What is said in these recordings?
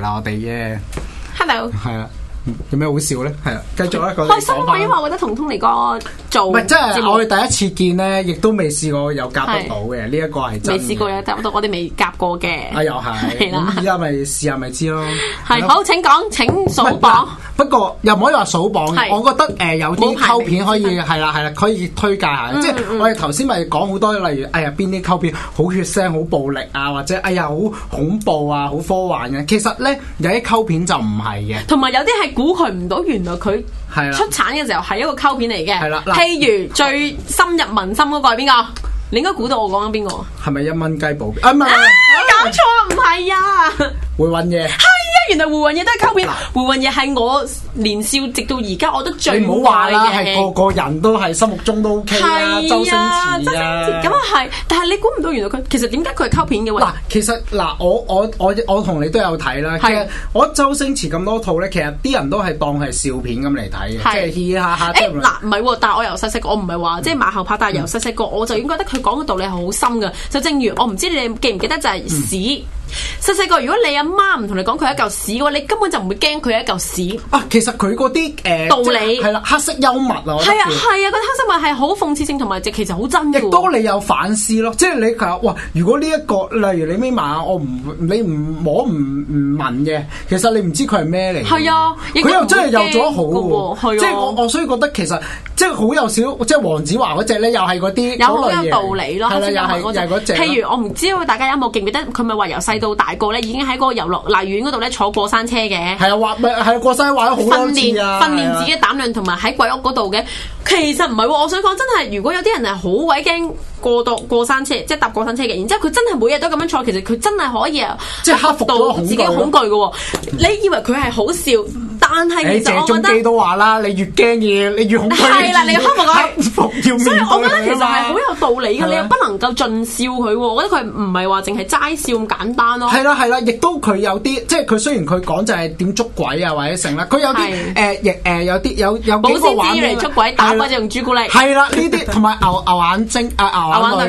嗱，我哋嘅，hello，係啊，有咩好笑咧？係啊，繼續啦，開心啊，因為我覺得彤彤嚟哥做，唔係，即係我哋第一次見咧，亦都未試過有夾得到嘅，呢一個係真，未試過有夾到，我哋未夾過嘅，啊又係，咁而家咪試下咪知咯，係好，請講，請數榜。可不過又唔可以話，數榜，我覺得誒，有啲溝片可以係啦係啦，可以推介下。即係我哋頭先咪講好多，例如哎呀，邊啲溝片好血腥、好暴力啊，或者哎呀好恐怖啊、好科幻啊。其實咧有啲溝片就唔係嘅，同埋有啲係估佢唔到，原來佢出產嘅時候係一個溝片嚟嘅。係啦，譬如最深入民心嗰個係邊個？你應該估到我講緊邊個？係咪一蚊雞保鑣？啊，唔係我 搞錯唔係啊。 會揾嘢。原來胡云也都係 cult 片。胡云也係我年少直到而家我都最唔好話啦，係個個人都係心目中都 OK 啦，周星馳啦，咁啊係，但係你估唔到原來佢其實點解佢係 cult 片嘅話嗱，其實嗱我我我我同你都有睇啦，其實我周星馳咁多套咧，其實啲人都係當係笑片咁嚟睇嘅，即係嘻嘻哈哈。嗱唔係喎，但係我由細細個我唔係話即係馬後炮，但係由細細個我就已經覺得佢講嘅道理係好深嘅，就正如我唔知你記唔記得就係屎。細細個，如果你阿媽唔同你講佢一嚿屎嘅話，你根本就唔會驚佢一嚿屎。啊，其實佢嗰啲誒道理係啦，黑色幽默啊。係啊係啊，黑色物係好諷刺性同埋，即係其實好真嘅。亦都你有反思咯，即係你哇，如果呢一個例如你搣馬，我唔你唔摸唔唔聞嘅，其實你唔知佢係咩嚟。係啊，佢又真係有咗好，即係我我所以覺得其實即係好有少，即係黃子華嗰隻咧，又係嗰啲有好有道理咯。係啦，又係嗰隻。譬如我唔知大家有冇記唔記得，佢咪話由細。到大個咧，已經喺嗰個遊樂樂園嗰度咧坐過山車嘅。係啊，話係啊，過山車玩咗好多次啊！訓練訓練自己膽量，同埋喺鬼屋嗰度嘅。其實唔係喎，我想講真係，如果有啲人係好鬼驚過度過山車，即係搭過山車嘅，然之後佢真係每日都咁樣坐，其實佢真係可以啊，即係克服到自己恐懼嘅喎。 你以為佢係好笑？但係其實我覺得都話啦，你越驚嘅嘢，你越恐懼嘅嘢，克服要面對，所以我覺得其實係好有道理㗎，吧你又不能夠盡笑佢喎、哦。我覺得佢唔係話淨係齋笑咁簡單咯、哦？係啦係啦，亦都佢有啲，即係佢雖然佢講就係點捉鬼啊或者成啦，佢有啲誒亦誒有啲有有嗰個玩嚟捉鬼打鬼就用朱古力。係啦，呢啲同埋牛 牛眼睛啊牛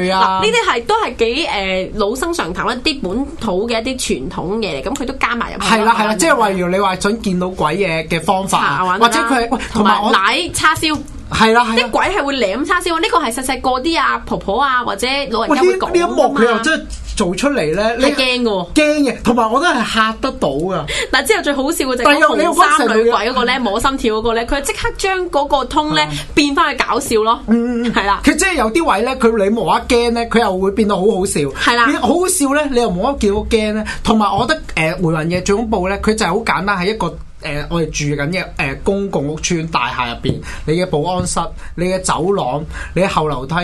眼淚啊，呢啲係都係幾誒老生常談一啲本土嘅一啲傳統嘢嚟，咁佢都加埋入去。係啦係啦，即係例如你話想見到鬼嘅。嘅方法，或者佢喂，同埋我奶叉燒，係啦係啦，啲鬼係會舐叉燒。呢個係細細個啲啊，婆婆啊，或者老人呢？呢一幕佢又真係做出嚟咧，你驚噶？驚嘅，同埋我都係吓得到噶。嗱之後最好笑嘅就係三女鬼嗰個咧，摸心跳嗰個咧，佢即刻將嗰個通咧變翻去搞笑咯。嗯嗯嗯，係啦，佢即係有啲位咧，佢你冇得驚咧，佢又會變得好好笑。係啦，好好笑咧，你又冇得叫到驚咧。同埋我覺得誒，回魂夜最恐怖咧，佢就係好簡單，係一個。誒、呃，我哋住緊嘅誒公共屋邨大廈入邊，你嘅保安室、你嘅走廊、你嘅後樓梯。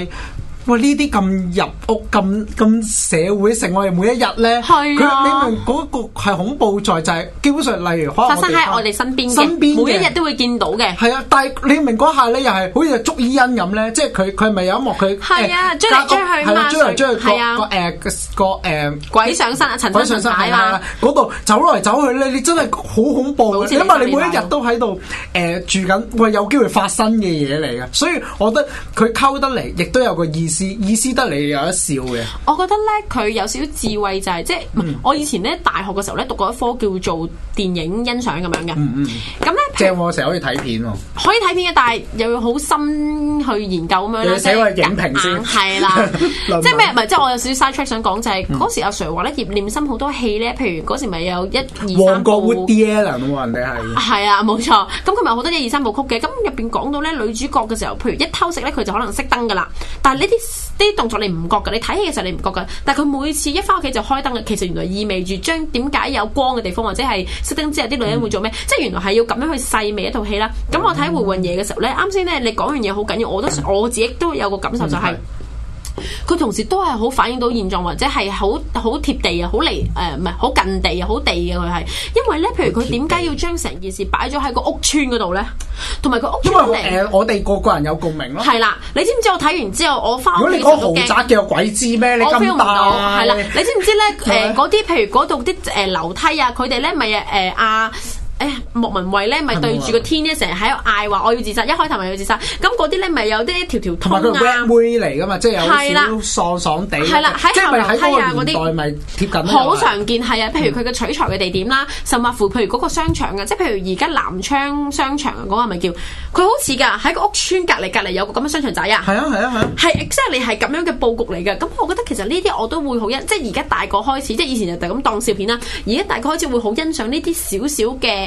哇！呢啲咁入屋咁咁社會性，我哋每一日咧，佢你明嗰個係恐怖在就係基本上，例如發生喺我哋身邊嘅，每一日都會見到嘅。係啊，但係你明嗰下咧又係好似捉伊人咁咧，即係佢佢係咪有一幕佢係啊，追嚟追去啊，追嚟追去個誒個誒鬼上身啊，陳生鬼上身啊，嗰度走嚟走去咧，你真係好恐怖，因為你每一日都喺度誒住緊，我有機會發生嘅嘢嚟嘅，所以我覺得佢溝得嚟亦都有個意。意思得嚟有得笑嘅，我覺得咧佢有少少智慧就係即係，我以前咧大學嘅時候咧讀過一科叫做電影欣賞咁樣嘅，咁咧正我成日可以睇片喎，可以睇片嘅，但係又要好深去研究咁樣咧，寫個影評先，係啦，即係咩？唔係即係我有少少 side track 想講就係嗰時阿 sir 話咧，葉念琛好多戲咧，譬如嗰時咪有一二三部，旺角 woodie 我人哋係，係啊冇錯，咁佢咪好多一二三部曲嘅，咁入邊講到咧女主角嘅時候，譬如一偷食咧，佢就可能熄燈噶啦，但係呢啲。啲動作你唔覺噶，你睇戲嘅時候你唔覺噶，但係佢每次一翻屋企就開燈啦，其實原來意味住將點解有光嘅地方或者係熄燈之後啲女人會做咩？嗯、即係原來係要咁樣去細微一套戲啦。咁、嗯、我睇《回魂夜》嘅時候呢，啱先呢你講完嘢好緊要，我都我自己都有個感受就係、是。嗯佢同時都係好反映到現狀，或者係好好貼地啊，好離誒唔係好近地啊，好地嘅佢係，因為咧，譬如佢點解要將成件事擺咗喺個屋村嗰度咧？同埋佢屋村嚟。因為我哋個、呃、個人有共鳴咯。係啦，你知唔知我睇完之後，我翻屋。如果你講豪宅嘅鬼知咩？你唔大係啦，你知唔知咧？誒嗰啲譬如嗰度啲誒樓梯啊，佢哋咧咪誒阿。呃呃呃呃呃哎莫文蔚咧咪對住個天咧，成日喺度嗌話我要自殺，一開頭咪要自殺，咁嗰啲咧咪有啲一條條通眼妹嚟噶嘛，即係有少少爽爽地，係啦，喺樓梯啊嗰啲好常見，係啊，譬如佢嘅取材嘅地點啦，甚至乎譬如嗰個商場啊，即係譬如而家南昌商場啊，嗰個係咪叫，佢好似噶，喺個屋村隔籬隔籬有個咁嘅商場仔啊，係啊係啊係啊，係 exactly 係咁樣嘅布局嚟嘅，咁我覺得其實呢啲我都會好欣，即係而家大個開始，即係以前就就咁當笑片啦，而家大個開始會好欣賞呢啲少少嘅。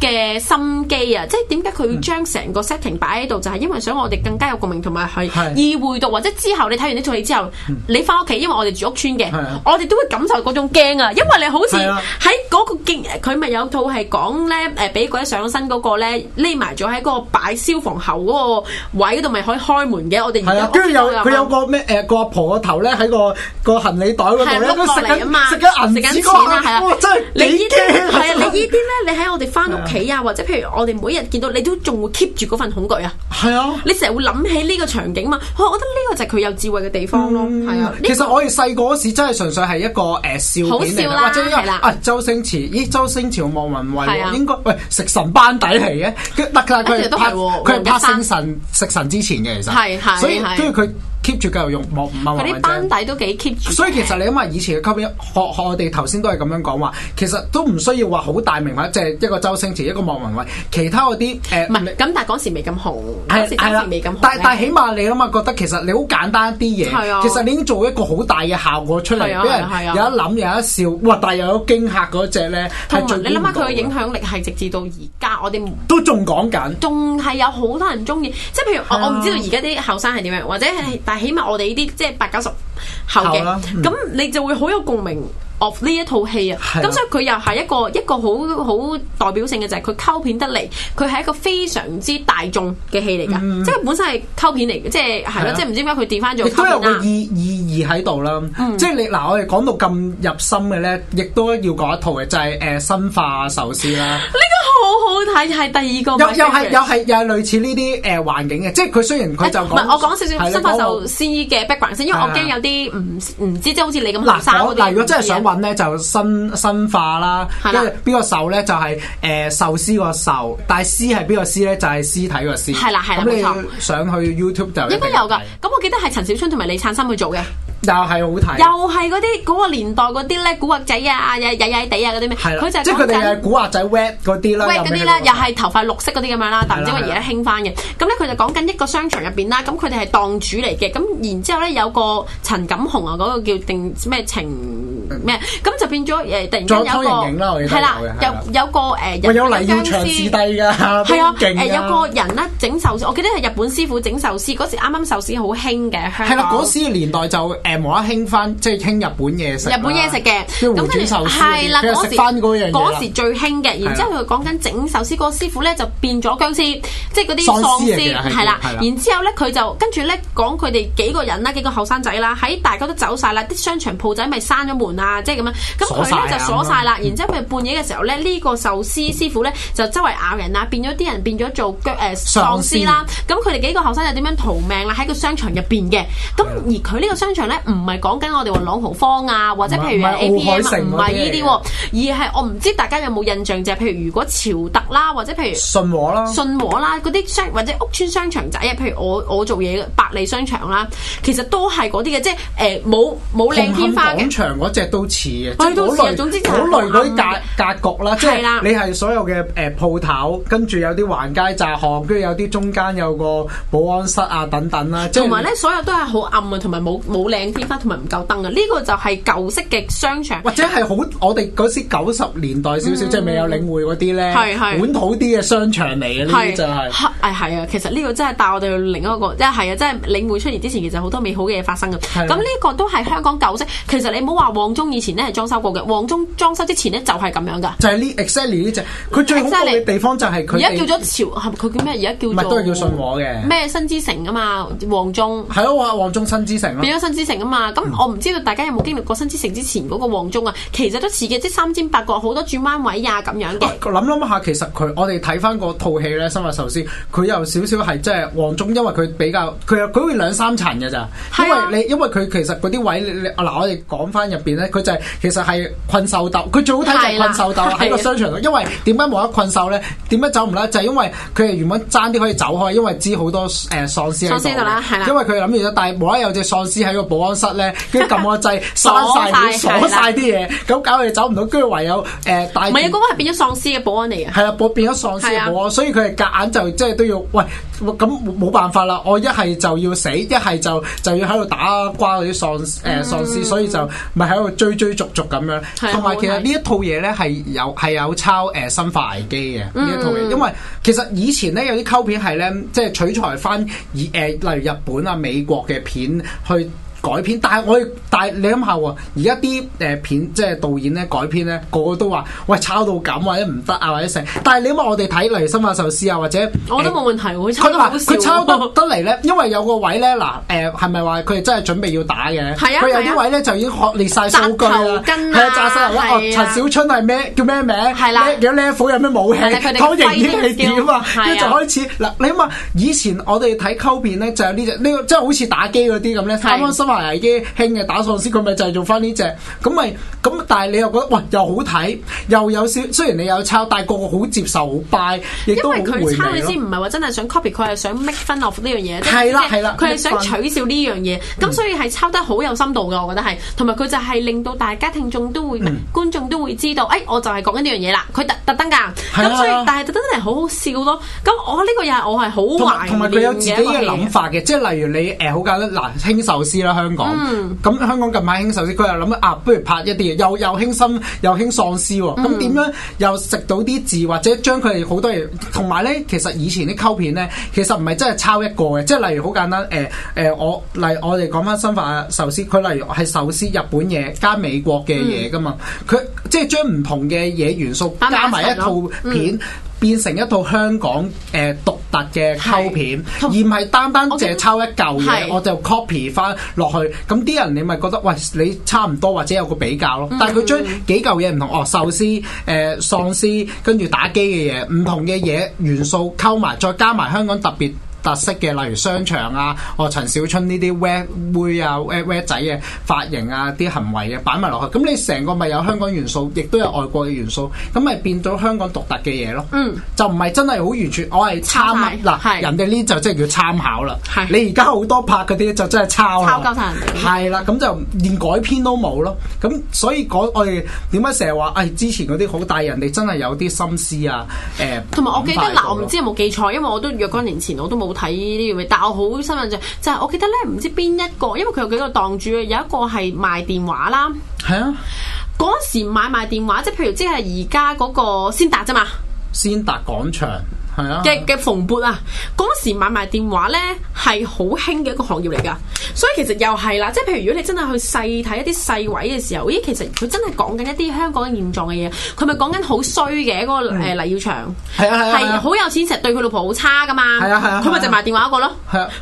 嘅心機啊，即係點解佢會將成個 setting 擺喺度，就係因為想我哋更加有共鳴同埋係意會到，或者之後你睇完呢套戲之後，你翻屋企，因為我哋住屋村嘅，我哋都會感受嗰種驚啊，因為你好似喺嗰個驚，佢咪有套係講咧誒，俾鬼上身嗰個咧，匿埋咗喺嗰個擺消防喉嗰個位嗰度，咪可以開門嘅。我哋而家跟住有佢有個咩誒個阿婆個頭咧喺個個行李袋嗰度咧，都食緊食緊錢㗎啊！真係你驚係啊！你呢啲咧，你喺我哋翻屋企啊，或者譬如我哋每日見到你都仲會 keep 住嗰份恐懼啊，係啊，你成日會諗起呢個場景嘛，我覺得呢個就係佢有智慧嘅地方咯，係啊。其實我哋細個嗰時真係純粹係一個誒笑片嚟，或啊周星馳，咦周星馳莫文蔚應該喂食神班底嚟嘅，得㗎佢佢係拍星神食神之前嘅其實，係係係。keep 住繼續用莫莫文蔚，啲班底都幾 keep 住。 所以其實你諗下，以前嘅級別，學學我哋頭先都係咁樣講話，其實都唔需要話好大名位，就係、是、一個周星馳，一個莫文蔚，其他嗰啲誒，唔係咁，但係嗰時未咁紅，係啦，未咁的，但係但係起碼你諗下，覺得其實你好簡單啲嘢，的其實你已經做一個好大嘅效果出嚟，俾人有一諗的有一笑，哇！但係又有驚嚇嗰隻咧，有你諗下佢嘅影響力係直至到而家，我哋都仲講緊，仲係有好多人鍾意，即係譬如我我唔知道而家啲後生係點樣，或者係起碼我哋呢啲即係八九十後嘅，咁、嗯、你就會好有共鳴 of 呢一套戲啊。咁是的 所以佢又係一個一個好好代表性嘅就係、是、佢溝片得嚟，佢係一個非常之大眾嘅戲嚟噶。嗯、即係本身係溝片嚟，嘅的，即係係咯，即係唔知點解佢跌返咗。亦都有個意意義喺度啦。嗯、即係你嗱，我哋講到咁入心嘅咧，亦都要講一套嘅，就係、是、誒、呃、生化壽屍啦。 好好睇，係第二個又有又係是又係又係類似呢啲誒環境嘅，即係佢雖然佢就講，唔係、欸、我講少少生化壽屍嘅 background 先，因為我驚有啲唔唔知，即係好似你咁，嗱，但係如果真係想揾咧，就生生化啦，跟住邊個壽咧就係、是、誒、呃、壽司個壽，但係屍係邊個屍咧就係、是、屍體個屍，係啦係啦，冇錯，你上去 YouTube 就應該有噶，咁的的我記得係陳小春同埋李燦森去做嘅。又係好睇，又係嗰啲嗰個年代嗰啲咧，古惑仔啊，曳曳地啊嗰啲咩，佢、啊啊啊、就即佢哋係古惑仔 wet 嗰啲啦，wet 嗰啲啦，又係頭髮綠色嗰啲咁樣啦，但唔知我而家興翻嘅，咁咧佢就講緊一個商場入邊啦，咁佢哋係檔主嚟嘅，咁然之後咧有個陳錦鴻啊，嗰個、啊那個叫定咩情？咩？咁就變咗誒！突然間有個係啦，有有個誒人變殭屍。有嚟演場事帝㗎，係啊，勁啊！有個人咧整壽司，我記得係日本師傅整壽司嗰時，啱啱壽司好興嘅。係啦，嗰時年代就誒冇得興翻，即係興日本嘢食。日本嘢食嘅，咁跟住係啦，嗰時嗰時最興嘅。然之後佢講緊整壽司嗰個師傅咧，就變咗殭屍，即係嗰啲喪屍係啦。然之後咧，佢就跟住咧講佢哋幾個人啦，幾個後生仔啦，喺大家都走晒啦，啲商場鋪仔咪閂咗門。嗱，即係咁樣，咁佢咧就鎖晒啦，確然之後佢半夜嘅時候咧，呢、嗯、個壽司師傅咧就周圍咬人啦，變咗啲人變咗做腳誒喪屍啦，咁佢哋幾個後生仔點樣逃命啦？喺、嗯、個商場入邊嘅，咁而佢呢個商場咧唔係講緊我哋話朗豪坊啊，或者譬如 A P M 唔係呢啲喎，而係我唔知大家有冇印象就啫？譬如如果潮特啦，或者譬如信和啦，信和啦，嗰啲商或者屋邨商場仔啊，譬如我我做嘢百利商場啦，其實都係嗰啲嘅，即係誒冇冇靚天花嘅。都似嘅，即係總之好類嗰啲架格局啦，即係你係所有嘅誒鋪頭，跟住有啲橫街窄巷，跟住有啲中間有個保安室啊等等啦，同埋咧所有都係好暗啊，同埋冇冇靚天花，同埋唔夠燈啊！呢個就係舊式嘅商場，或者係好我哋嗰時九十年代少少，即係未有領會嗰啲咧，本土啲嘅商場嚟嘅，呢啲就係誒係啊！其實呢個真係帶我哋去另一個，即係係啊！即係領會出現之前，其實好多美好嘅嘢發生嘅。咁呢個都係香港舊式，其實你唔好話中以前咧係裝修過嘅，黃忠裝修之前咧就係咁樣㗎。就係呢 e x c e l l i 呢隻，佢、exactly, 最犀利嘅地方就係佢而家叫咗潮，佢叫咩？而家叫唔係都係叫信和嘅咩新之城啊嘛，黃忠係咯，我係黃忠新之城咯，變咗新之城啊嘛。咁、嗯、我唔知道大家有冇經歷過新之城之前嗰個黃忠啊？其實都似嘅，即三尖八角好多轉彎位啊咁樣嘅。諗諗、啊、下，其實佢我哋睇翻嗰套戲咧《生化壽司》，佢又少少係即係黃忠，因為佢比較佢佢會兩三層嘅咋的，因為你因為佢其實嗰啲位嗱、啊，我哋講翻入邊咧。佢就係其實係困獸鬥，佢最好睇就係困獸鬥喺個商場度。的因為點解無啦困獸咧？點解走唔甩？就係、是、因為佢哋原本爭啲可以走開，因為知好多誒、呃、喪屍喺度。喪屍喺度啦，係啦。因為佢諗住咧，但係無啦有隻喪屍喺個保安室咧，跟住撳個掣鎖曬，鎖曬啲嘢，咁搞佢哋走唔到，跟住唯有誒帶。唔係啊，嗰、那個係變咗喪屍嘅保安嚟嘅。係啦，變咗喪屍嘅保安，的所以佢哋夾硬就即係都要喂。咁冇冇辦法啦！我一係就要死，一係就就要喺度打瓜嗰啲喪誒、呃、喪屍，所以就咪喺度追追逐逐咁樣。同埋其實呢一套嘢咧係有係有抄誒生化危機嘅呢一套嘢，嗯、因為其實以前咧有啲溝片係咧即係取材翻誒、呃、例如日本啊美國嘅片去。改編，但係我哋但係你諗下喎，而家啲誒片即係導演咧改編咧，個個都話喂抄到咁，或者唔得啊，或者成，但係你諗下，我哋睇《雷神》啊《壽司》啊或者，我都冇問題，會抄得好笑。佢抄到得嚟咧，因為有個位咧嗱誒係咪話佢哋真係準備要打嘅？佢有啲位咧就已經學列晒數據啦。頭跟啊，陳小春係咩叫咩名？係啦，幾叻有咩武器？湯型天氣點啊？跟住就開始嗱，你諗下，以前我哋睇溝片咧就有呢隻呢個，即係好似打機嗰啲咁咧，話係啲興嘅打喪屍，佢咪製造翻呢隻咁咪咁？但係你又覺得喂，又好睇，又有笑。雖然你有抄，但係個個好接受好拜。因為佢抄你先唔係話真係想 copy，佢係想 make fun of 呢樣嘢。係啦係啦，佢係想取笑呢樣嘢，咁、嗯、所以係抄得好有深度㗎，我覺得係。同埋佢就係令到大家聽眾都會唔係、嗯、觀眾都會知道，哎，我就係講緊呢樣嘢啦。佢特特登㗎，咁的所以但係特登係好好笑咯。咁我呢個又係我係好懷有，有自己嘅諗法嘅，即係例如你誒好簡單，嗱、啊，輕喪屍啦。嗯、香港咁香港近排興壽司，佢又諗啊，不如拍一啲嘢，又又興心，又興喪屍喎。咁、啊、點樣，樣又食到啲字，或者將佢哋好多嘢，同埋咧，其實以前啲溝片咧，其實唔係真係抄一個嘅，即係例如好簡單誒誒、呃呃，我例我哋講翻新法壽司，佢例如係壽司日本嘢加美國嘅嘢噶嘛，佢、嗯、即係將唔同嘅嘢元素加埋一套片。嗯嗯變成一套香港誒、呃、獨特嘅溝片，而唔係單單淨係抄一嚿嘢，我，聽我就 copy 翻落去。咁啲是人你咪覺得，喂，你差唔多或者有個比較咯。但係佢將幾嚿嘢唔同，哦，壽司、誒、呃、喪屍，跟住打機嘅嘢，唔同嘅嘢元素溝埋，再加埋香港特別。特色嘅，例如商場啊，哦，陳小春呢啲 wet 妹啊 wet 仔嘅髮型啊，啲行為啊，擺埋落去，咁你成個咪有香港元素，亦都有外國嘅元素，咁咪變咗香港獨特嘅嘢咯。嗯，就唔係真係好完全，我係參嗱，嗯、人哋呢就，是就真係叫參考啦。係，你而家好多拍嗰啲就真係抄啦。抄鳩曬人哋。係啦，咁就連改編都冇咯。咁所以嗰我哋點解成日話，誒，之前嗰啲好，大，人哋真係有啲心思啊，誒，同埋我記得嗱、啊，我唔知有冇記錯，因為我都若干年前我都冇。睇呢樣嘢，但我好深印象，就係，就係我記得咧，唔知邊一個，因為佢有幾個檔主，有一個係賣電話啦。係啊，嗰時買賣電話，即係譬如即係而家嗰個先達啫嘛，先達廣場。嘅嘅蓬勃啊！嗰時買埋電話咧，係好興嘅一個行業嚟噶，所以其實又係啦，即係譬如如果你真係去細睇一啲細位嘅時候，咦，其實佢真係講緊一啲香港現狀嘅嘢，佢咪講緊好衰嘅嗰個黎耀祥，係啊係啊，係好有錢，成日對佢老婆好差噶嘛，係啊係啊，佢咪就埋電話一個咯，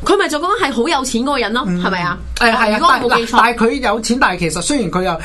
佢咪就講係好有錢嗰個人咯，係咪啊？誒係啊，但係但係佢有錢，但係其實雖然佢又誒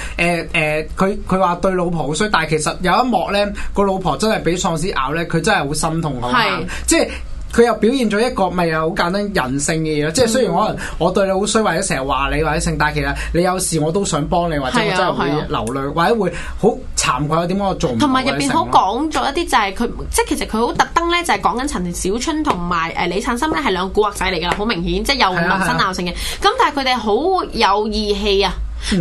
誒，佢佢話對老婆好衰，但係其實有一幕咧，個老婆真係俾喪屍咬咧，佢真係好心痛啊！係，是即係佢又表現咗一個咪又好簡單人性嘅嘢咯。嗯、即係雖然可能我對你好衰，或者成日話你或者剩，但係其實你有時我都想幫你，或者我真係會流淚，啊啊、或者會好慚愧。我點講？我做唔埋。同埋入邊好講咗一啲就係佢， 即係其實佢好特登咧，就係講緊陳小春同埋誒李璨琛咧係兩個古惑仔嚟噶，好明顯即係又矛盾性鬧性嘅。咁、啊啊、但係佢哋好有義氣啊！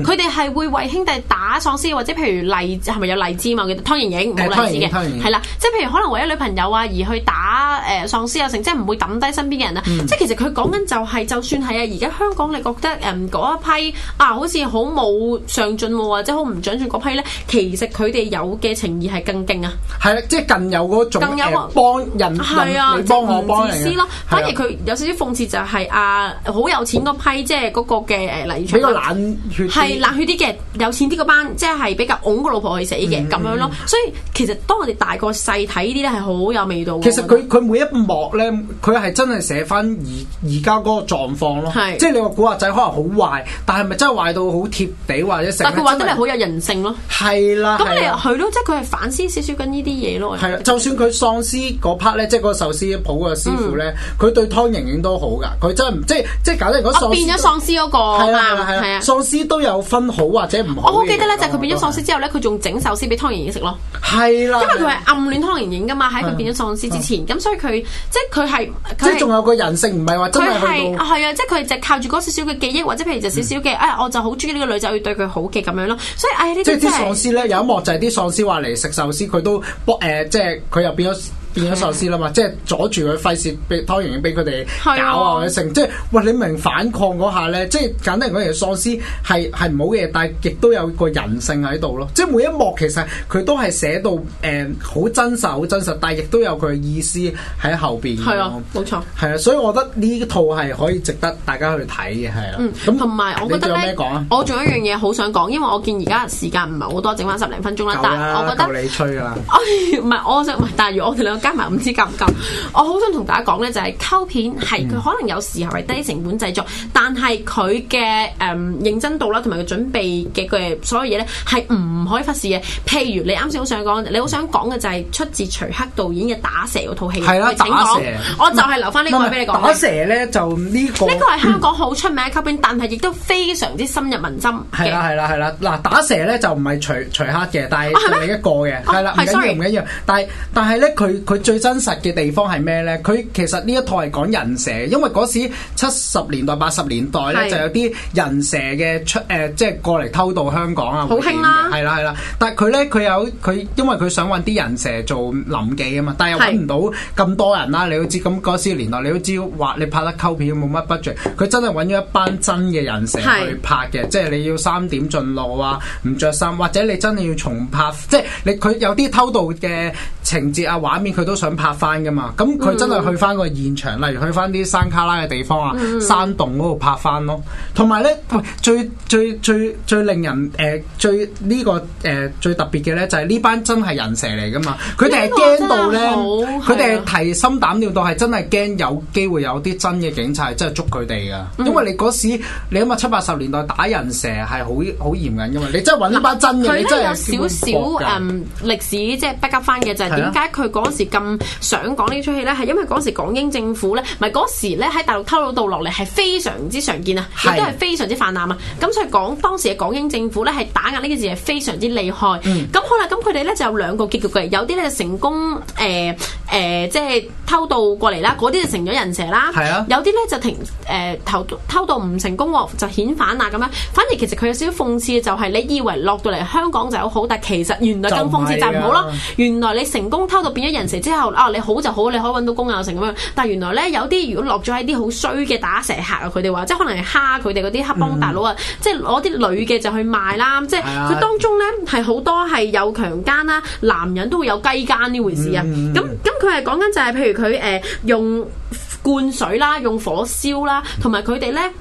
佢哋係會為兄弟打喪屍，或者譬如荔係咪有例子嘛？我記得湯盈盈冇例子嘅，係啦，即係、嗯、譬如可能為咗女朋友啊而去打誒喪屍啊，成即係唔會抌低身邊嘅人啊。嗯、即係其實佢講緊就係、是，就算係啊，而家香港你覺得誒嗰、嗯、一批啊，好似好冇上進喎，或者好唔長進嗰批咧，其實佢哋有嘅情義係更勁啊！係啦，即係更有嗰種有幫人、人的你幫我幫人、幫你咯。反而佢有少少諷刺就係、是、啊，好有錢嗰批，即係嗰個嘅誒黎。比較冷血。係冷血啲嘅，有錢啲個班，即係比較擁個老婆去死嘅咁樣咯。所以其實當我哋大個細睇呢啲咧，係好有味道。其實佢佢每一幕咧，佢係真係寫翻而而家嗰個狀況咯。係，即係你話古惑仔可能好壞，但係咪真係壞到好貼地，或者成？但係佢話真係好有人性咯。係啦。咁你係咯，即係佢係反思少少緊呢啲嘢咯。係啊，就算佢喪屍嗰 part 咧，即係嗰個壽司鋪嗰個師傅咧，佢對湯盈盈都好㗎。佢真係即係即係，搞嚟嗰喪。我變咗喪屍嗰個啊嘛，係啊，喪屍都都有分好或者唔好。我好記得咧，就係佢變咗喪屍之後咧，佢仲整壽司俾湯盈盈食咯。係啦，因為佢係暗戀湯盈盈噶嘛，喺佢變咗喪屍之前，咁、啊嗯、所以佢即係佢係即係仲有個人性，唔係話佢係去係啊，即係佢就係、靠住嗰少少嘅記憶，或者譬如就少少嘅，嗯、哎，我就好中意呢個女仔，會對佢好嘅咁樣咯。所以哎，呢啲、就係、即係喪屍咧，有一幕就係啲喪屍話嚟食壽司，佢都誒、呃，即係佢又變咗。變咗喪屍啦嘛，即係阻住佢費事被當然俾佢哋搞啊，嗰啲成，即係喂你明反抗嗰下咧，即係簡單嚟講，其實喪屍係係唔好嘅嘢，但係亦都有個人性喺度咯。即係每一幕其實佢都係寫到誒好、嗯、真實，好真實，但係亦都有佢嘅意思喺後邊。係啊，冇錯。係啊，所以我覺得呢套係可以值得大家去睇嘅，係啊，咁同埋我覺得有咩講啊？我仲有一樣嘢好想講，因為我見而家時間唔係好多，剩翻十零分鐘啦。夠了但夠啦，夠你吹啦。唔係， 我就唔係。但係如我哋兩加埋唔知夾唔夾？我好想同大家講咧，就係溝片係佢可能有時候係低成本製作，但係佢嘅誒認真度啦，同埋佢準備嘅嘅所有嘢咧，係唔可以忽視嘅。譬如你啱先好想講，你好想講嘅就係出自徐克導演嘅打蛇嗰套戲。係啦，打蛇，我就係留翻呢個俾你講。打蛇咧就呢個，呢個係香港好出名嘅溝片，但係亦都非常之深入民心。係啦，係啦，係啦。嗱，打蛇咧就唔係徐徐克嘅，但係係另一個嘅，係啦，唔緊要，但係但係咧佢。佢最真實嘅地方係咩呢？佢其實呢一套係講人蛇，因為嗰時七十年代八十年代呢，是就有啲人蛇嘅出誒、呃，即係過嚟偷渡香港啊，好興啦，係啦係啦。但係佢呢，佢有佢，因為佢想揾啲人蛇做臨記啊嘛，但又揾唔到咁多人啦。是你都知咁嗰時年代你，你都知話你拍得溝片冇乜 budget，佢真係揾咗一班真嘅人蛇去拍嘅，是即係你要三點進路啊，唔着衫，或者你真係要重拍，即係你佢有啲偷渡嘅情節啊畫面。佢都想拍翻噶嘛，咁佢真係去翻個現場，例如去翻啲山卡拉嘅地方啊，山洞嗰度拍翻咯。同埋咧，最最最最令人誒、呃、最呢、這個誒、呃、最特別嘅咧、就係，就係呢班真係人蛇嚟噶嘛，佢哋係驚到咧，佢哋係提心膽料到係真係驚有機會有啲真嘅警察係真係捉佢哋噶。因為你嗰時你諗下七八十年代打人蛇係好好嚴緊噶嘛，你真係揾一班真嘅，啊、你真係有少少誒歷史即係不及翻嘅就係點解佢嗰時。咁想講呢出戲呢，係因為嗰時港英政府呢，唔係嗰時咧喺大陸偷渡落嚟係非常之常見啊，亦都係非常之泛濫啊。咁所以講當時嘅港英政府呢，係打壓呢件事係非常之厲害。咁、嗯、好啦咁佢哋呢，就有兩個結局嘅，有啲咧成功誒誒、呃呃，即係偷渡過嚟啦，嗰啲就成咗人蛇啦。是啊、有啲呢，就停誒、呃、偷偷渡唔成功喎，就遣返啊咁樣。反而其實佢有少少諷刺就係你以為落到嚟香港就好好，但其實原來更諷刺就唔好咯。原來你成功偷渡變咗人蛇。之後啊，你好就好，你可以揾到工啊，成咁樣。但係原來咧，有啲如果落咗喺啲好衰嘅打蛇客啊，佢哋話，即係可能係蝦佢哋嗰啲黑幫大佬啊，嗯、即係攞啲女嘅就去賣啦。嗯、即係佢當中咧係好多係有強姦啦，男人都會有雞姦呢回事啊。咁咁佢係講緊就係、是、譬如佢誒、呃、用灌水啦，用火燒啦，同埋佢哋咧。嗯嗯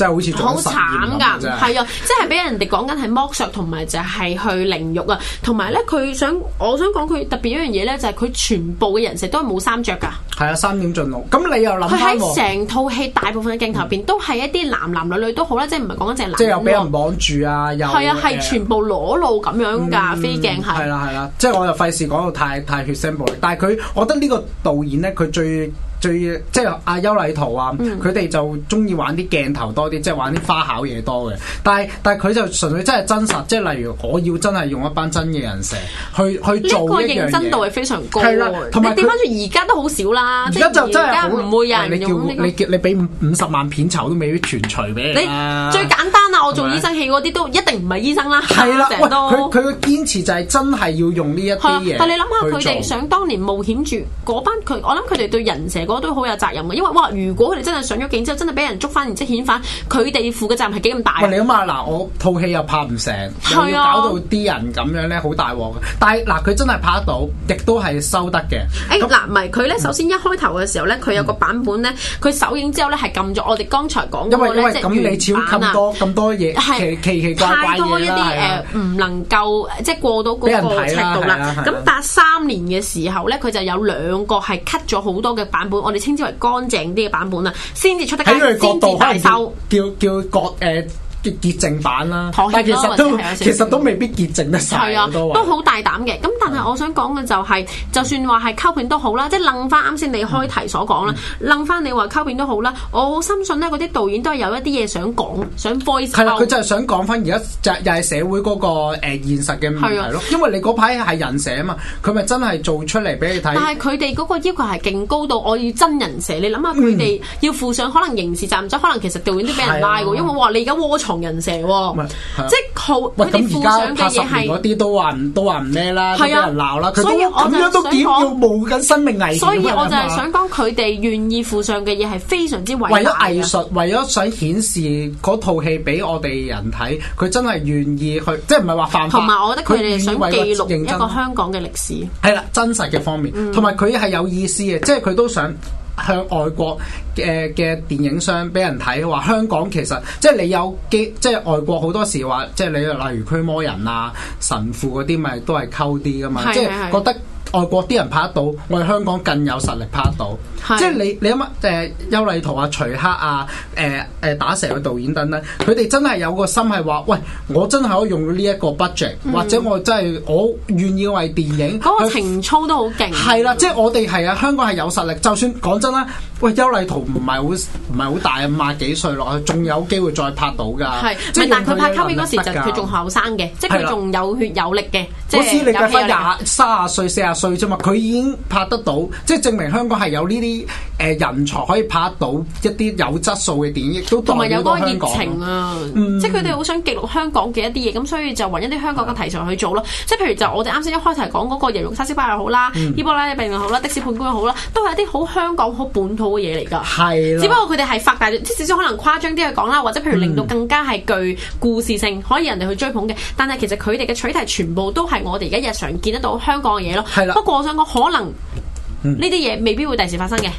真係好似好慘㗎，係啊即是！ 即係俾人哋講緊係剝削同埋就係去凌辱啊，同埋咧佢想，我想講佢特別一樣嘢咧，就係佢全部嘅人食都係冇衫着㗎。係啊，三點盡露。咁你又諗翻佢喺成套戲大部分嘅鏡頭入邊都係一啲男男女女都好啦，嗯、即係唔係講緊隻男，男。即係又俾人綁住啊！又係啊，係全部裸露咁樣㗎，飛、嗯、鏡係。係啦係啦，即係我又費事講到太太血腥暴力。但係佢，我覺得呢個導演咧，佢最。最即係阿邱禮濤啊，佢哋就中意玩啲鏡頭多啲，即係玩啲花巧嘢多嘅。但係但係佢就純粹真係真實，即係例如我要真係用一班真嘅人成去去做一樣嘢，呢個認真度係非常高。係啦，同埋點解而家都好少啦？而家就真係，唔會有人！你叫你你俾五十萬片酬都未必全除俾你。你最簡單。我做醫生戲嗰啲都一定唔係醫生啦，成日都佢佢嘅堅持就係真係要用呢一啲嘢。但你諗下，佢哋想當年冒險住嗰班佢，我諗佢哋對人蛇嗰都好有責任嘅，因為哇，如果佢哋真係上咗警之後，真係俾人捉翻，然即遣返，佢哋負嘅責任係幾咁大。你諗下，嗱我套戲又拍唔成，搞到啲人咁樣咧，好大鑊。但係嗱，佢真係拍得到，亦都係收得嘅。誒嗱，唔係佢咧，首先一開頭嘅時候咧，佢有個版本咧，佢首映之後咧係撳咗我哋剛才講過咧，即係完版啊，咁多咁多，多嘢係奇奇怪怪嘢，係太多一啲誒，唔能夠即係過到嗰個尺度啦。咁八三年嘅時候咧，佢就有兩個係 cut 咗好多嘅版本，我哋稱之為乾淨啲嘅版本啦，先至出得街，先至大收。叫叫國誒。潔潔淨版啦，但其實都其實都未必潔淨得晒，好都好大膽嘅，咁但係我想講嘅就係，就算話係溝片都好啦，即係楞翻啱先你開題所講啦，楞翻你話溝片都好啦，我深信咧嗰啲導演都係有一啲嘢想講，想 voice。係啦，佢就係想講翻而家又又係社會嗰個誒現實嘅問題咯。因為你嗰排係人寫啊嘛，佢咪真係做出嚟俾你睇。但係佢哋嗰個要求係勁高到，我要真人寫。你諗下佢哋要付上可能刑事責任，可能其實導演都俾人拉喎，因為你而家同人蛇， 即係是好。喂，咁而家拍十年嗰啲都話唔都話唔咩啦，啊、都俾人鬧啦。佢都咁樣都點要冇緊生命危險，所以我就係想講佢哋願意附上嘅嘢係非常之偉大為藝術。為咗藝術，為咗想顯示嗰套戲俾我哋人睇，佢真係願意去，即係唔係話犯法。同埋，我覺得佢哋想記錄一個香港嘅歷史。係啦，嗯啊，真實嘅方面，同埋佢係有意思嘅，即係佢都想。向外國嘅嘅電影商俾人睇，話香港其實即係你有機，即係外國好多時話，即係你例如《驅魔人》啊、神父嗰啲，咪都係溝啲㗎嘛，是是是即係覺得。外國啲人拍得到，我哋香港更有實力拍得到。的即係你你諗乜誒、呃？邱禮濤啊、徐克啊、誒、呃、誒、呃、打蛇嘅導演等等，佢哋真係有個心係話，喂，我真係可以用到呢一個 budget、嗯、或者我真係我願意為電影嗰、嗯、去個情操都好勁。係啦，即係我哋係啊，香港係有實力。就算講真啦，喂，邱禮濤唔係好唔係好大，五廿幾歲落去，仲有機會再拍到㗎。的但佢拍《溝面》嗰時就佢仲後生嘅，即係佢仲有血有力嘅。我知的你家翻廿三廿歲四十。佢已經拍得到，即係證明香港係有呢啲誒人才可以拍到一啲有質素嘅電影，都同埋有嗰個熱情啊，嗯、即係佢哋好想記錄香港嘅一啲嘢，咁所以就揾一啲香港嘅題材去做咯。即係的譬如就我哋啱先一開頭講嗰個《人肉叉燒包》又好啦，嗯、《伊波拉病毒》又好啦，《的士判官》又好啦，都係一啲好香港、好本土嘅嘢嚟㗎。係的。只不過佢哋係發大，即係少少可能誇張啲去講啦，或者譬如令到更加係具故事性，可以人哋去追捧嘅。但係其實佢哋嘅取題全部都係我哋而家日常見得到香港嘅嘢咯。不過我想講，可能呢啲嘢未必會第時發生嘅。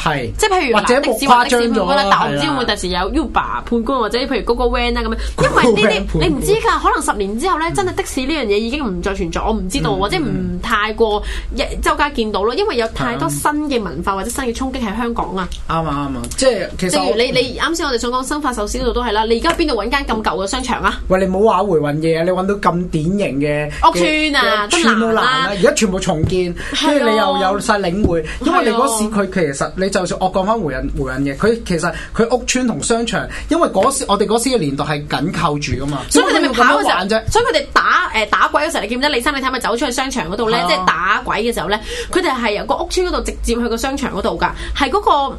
係，即係譬如或者誇張咗啦，但係我唔知會唔會第時有 Uber 判官或者譬如 GoGoVan 啦咁樣。因為呢啲你唔知㗎，可能十年之後咧，真係的士呢樣嘢已經唔再存在，我唔知道或者唔太過周街見到咯。因為有太多新嘅文化或者新嘅衝擊喺香港啊。啱啊，啱啊，即係其實。正如你你啱先，我哋想講生化壽屍嗰度都係啦。你而家邊度揾間咁舊嘅商場啊？喂，你唔好話回魂夜，你揾到咁典型嘅屋邨啊，都難啊，而家全部重建，跟住你又有晒領匯，因為你嗰時佢其實就算我講翻回魂回魂嘅，佢其實佢屋村同商場，因為嗰時我哋嗰時嘅年代係緊扣住噶嘛，所以佢哋咪打嗰時啫。所以佢哋打誒打鬼嗰時候，你記得李生，你睇咪走出去商場嗰度咧，即係、oh. 打鬼嘅時候咧，佢哋係由個屋村嗰度直接去個商場嗰度㗎，係嗰、嗰個。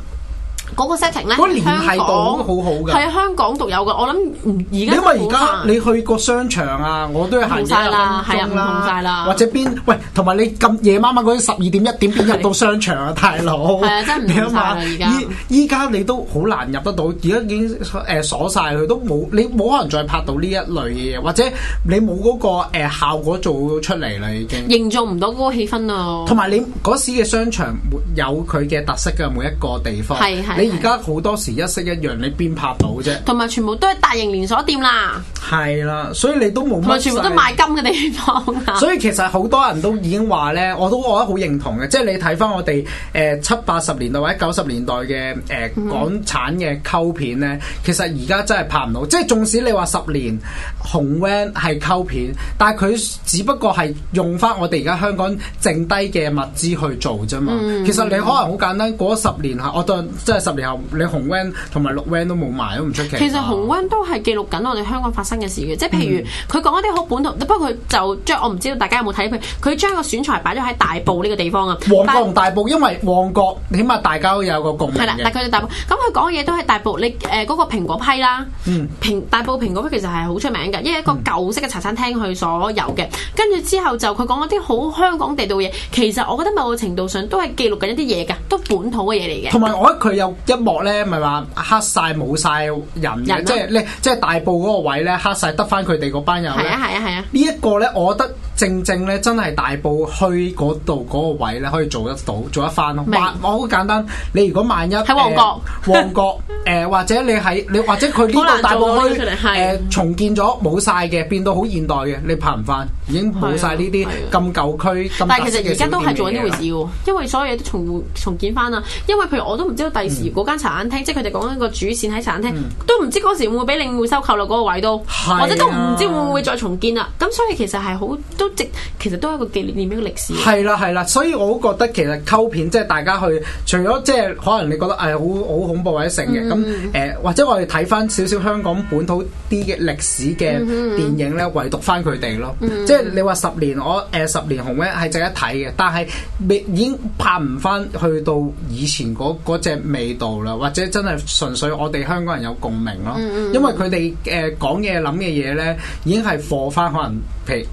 嗰個 setting 咧，個聯繫度好好嘅，係啊，香港獨有嘅。我諗而家因為而家你去個商場啊，我都係行晒啦，係啊，冇曬啦，或者邊？喂，同埋你咁夜晚晚嗰啲十二點一點，邊入到商場啊，大佬？係啊，真係唔曬啦！而家依家你都好難入得到，而家已經誒鎖晒佢，都冇你冇可能再拍到呢一類嘅嘢，或者你冇嗰個效果做出嚟啦，已經營造唔到嗰個氣氛啊！同埋你嗰時嘅商場有佢嘅特色嘅每一個地方，係係的。你而家好多時一式一樣，你邊拍到啫？同埋全部都係大型連鎖店啦。係啦，所以你都冇乜全部都賣金嘅地方啊。所以其實好多人都已經話咧，我都覺得好認同嘅。即係你睇翻我哋誒七八十年代或者九十年代嘅誒港產嘅 cult 片咧，mm hmm. 其實而家真係拍唔到。即係縱使你話十年紅 van 係 cult 片，但係佢只不過係用翻我哋而家香港剩低嘅物資去做啫嘛。其實你可能好簡單，嗰十年下，我對即係十你紅 van 同埋綠 van 都冇埋都唔出奇。其實紅 van 都係記錄緊我哋香港發生嘅事嘅，即係譬如佢講一啲好本土，不過佢就即係我唔知道大家有冇睇佢。佢將個選材擺咗喺大埔呢個地方啊，旺角同大埔，大埔因為旺角起碼大家都有個共識啦。但係佢大埔，咁佢講嘅嘢都係大埔。你誒嗰、呃嗰個蘋果批啦，蘋、嗯、大埔蘋果批其實係好出名嘅，因為一個舊式嘅茶餐廳去所有嘅。跟住之後就佢講一啲好香港地道嘢，其實我覺得某個程度上都係記錄緊一啲嘢㗎，都本土嘅嘢嚟嘅。同埋我覺得佢有一幕咧，咪話黑晒冇晒人嘅，人呢即係咧，即係大埔嗰個位咧，黑晒得翻佢哋嗰班人咧。係啊係啊係啊！呢一、啊啊、個咧，我覺得正正咧，真係大埔墟嗰度嗰個位咧，可以做得到，做一翻咯。啊、萬我好簡單，你如果萬一喺旺角，呃、旺角。 誒，或者你喺你或者佢呢度大埔區，誒，重建咗冇晒嘅，變到好現代嘅，你拍唔翻，已經冇晒呢啲咁舊區， 但係其實而家都係做緊呢回事喎，因為所有嘢都重重建翻啦。因為譬如我都唔知道第時嗰間茶餐廳，嗯、即係佢哋講緊個主線喺茶餐廳，嗯、都唔知嗰時會唔會俾領匯收購咯，嗰個位都，是啊、或者都唔知會唔會再重建啊。咁所以其實係好都值，其實都係一個紀念嘅個歷，歷史。係啦係啦，所以我覺得其實溝片即係大家去，除咗即係可能你覺得誒好好恐怖或者剩嘅誒、呃、或者我哋睇翻少少香港本土啲嘅歷史嘅電影咧，唯獨翻佢哋咯，即係你話十年我誒、呃、十年紅咧係值得睇嘅，但係未已經拍唔翻去到以前嗰隻、那個、味道啦，或者真係純粹我哋香港人有共鳴咯，因為佢哋誒講嘢諗嘅嘢咧已經係過翻可能。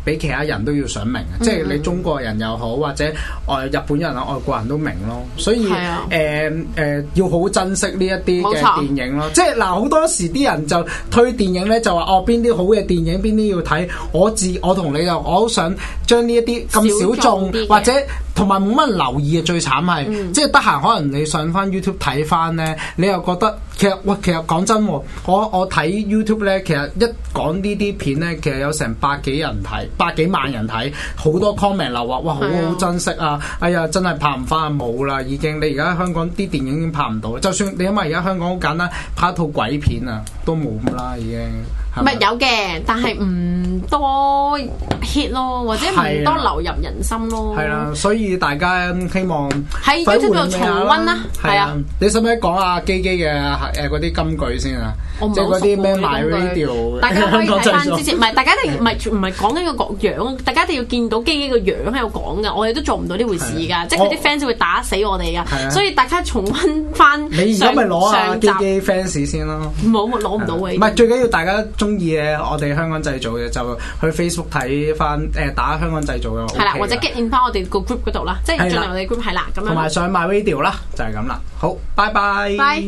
比其他人都要想明，即係你中國人又好，或者外日本人啊、外國人都明咯。所以誒誒的、呃呃，要好珍惜呢一啲嘅電影咯。錯即係嗱，好、呃、多時啲人就推電影呢，就話哦邊啲好嘅電影，邊啲要睇。我自我同你又，我都想將呢一啲咁小眾或者。同埋冇乜留意嘅，最慘係，嗯、即係得閒可能你上翻 YouTube 睇翻呢，你又覺得其實，喂，其實講真，我我睇 YouTube 呢，其實一講呢啲片呢，其實有成百幾人睇，百幾萬人睇，好多 comment 留話，哇，好好珍惜啊！哎呀，真係拍唔翻冇啦，已經。你而家香港啲電影已經拍唔到，就算你諗下，而家香港好簡單，拍一套鬼片啊，都冇咁啦已經。唔、嗯、有嘅，但係唔多。咯，或者唔多流入人心咯。係啦，所以大家希望喺 YouTube 度重溫啦。係啊，你使唔使講下基基嘅、誒嗰啲金句先啊？即係嗰啲咩 MyRadio 大家可以睇翻之前。唔係，大家都唔係唔係講緊個樣，大家一定要見到基基個樣喺度講噶。我哋都做唔到呢回事噶，即係佢啲 fans 會打死我哋噶。所以大家重溫翻上上集 fans 先啦。冇，我攞唔到嘅。唔係，最緊要大家中意嘅，我哋香港製造嘅就去 Facebook 睇。翻打香港製造嘅，OK，係啦，或者 get in 翻的我哋個 group 嗰度啦，即係進入我哋 group 係啦，咁樣同埋上 MyVideo 啦，就係咁啦。好，拜拜。拜。